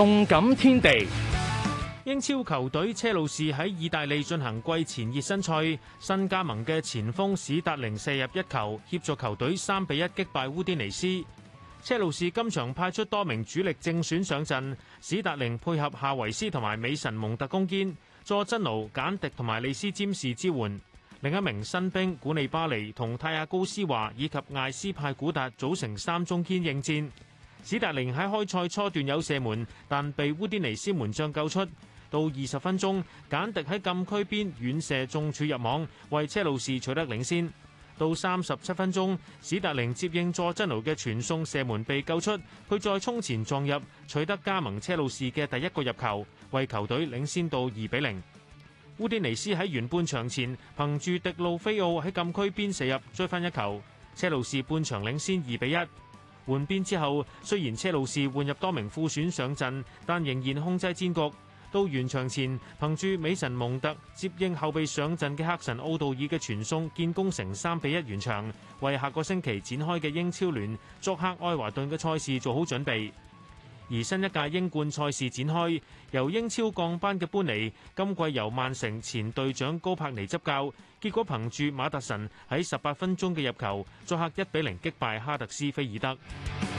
動感天地，英超球隊車路士喺意大利進行季前熱身賽，新加盟嘅前鋒史達寧射入一球，協助球隊三比一擊敗烏甸尼斯。車路士今場派出多名主力正選上陣，史達寧配合夏維斯同埋美神蒙特攻堅，佐真奴簡迪同埋利斯占士支援。另一名新兵古利巴尼同泰亞高斯華以及艾斯派古達組成三中堅應戰。史達寧喺開賽初段有射門，但被烏甸尼斯門將救出。到二十分鐘，簡迪喺禁區邊遠射中柱入網，為車路士取得領先。到三十七分鐘，史達寧接應佐真奴嘅傳送射門被救出，佢再衝前撞入，取得加盟車路士嘅第一個入球，為球隊領先到二比零。烏甸尼斯喺完半場前憑住迪路菲奧喺禁區邊射入追翻一球，車路士半場領先二比一。換邊之後，雖然車路士換入多名副選上陣，但仍然控制戰局。到完場前，憑住美神蒙特接應後備上陣嘅黑神奧道爾嘅傳送建功，成三比一完場，為下個星期展開嘅英超聯作客愛華頓嘅賽事做好準備。而新一屆英冠賽事展開，由英超降班嘅般尼，今季由曼城前隊長高柏尼執教，結果憑住馬特臣喺十八分鐘嘅入球，作客一比零擊敗哈特斯菲爾德。